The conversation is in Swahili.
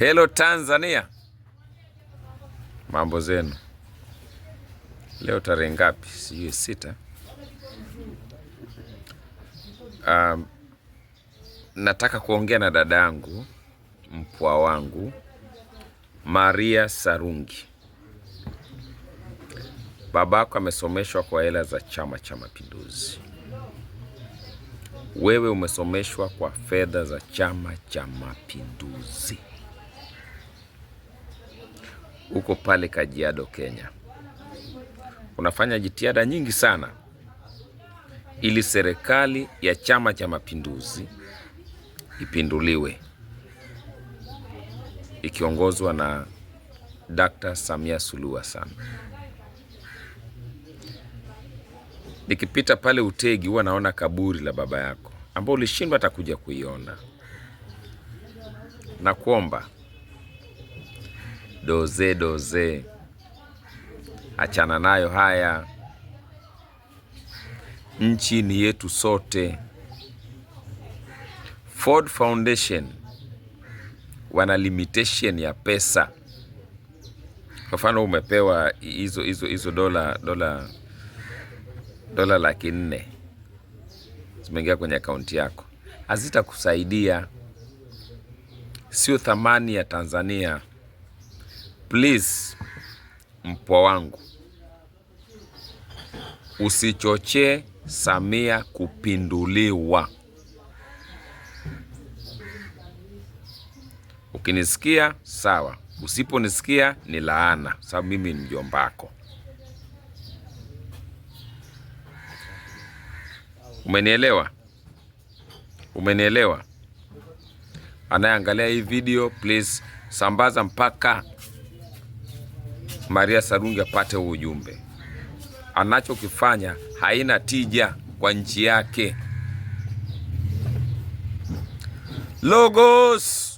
Hello Tanzania, mambo zenu? Leo tarehe ngapi? Sijui, sita. Um, nataka kuongea na dadangu mpwa wangu Maria Sarungi. Babako amesomeshwa kwa hela za Chama cha Mapinduzi, wewe umesomeshwa kwa fedha za Chama cha Mapinduzi huko pale Kajiado, Kenya, unafanya jitihada nyingi sana ili serikali ya Chama cha Mapinduzi ipinduliwe ikiongozwa na Dr. Samia Suluhu Hassan. Nikipita pale Utegi huwa naona kaburi la baba yako ambao ulishindwa hata kuja kuiona, na kuomba doze doze, achana nayo haya. Nchi ni yetu sote. Ford Foundation wana limitation ya pesa. Kwa mfano umepewa hizo hizo hizo dola dola dola laki nne zimeingia kwenye akaunti yako, hazitakusaidia, sio thamani ya Tanzania please mpwa wangu usichochee Samia kupinduliwa. Ukinisikia sawa, usiponisikia ni laana, sababu mimi ni mjombako. Umenielewa? Umenielewa? Anayeangalia hii video please sambaza mpaka Maria Sarungi apate huu ujumbe. Anachokifanya haina tija kwa nchi yake. Logos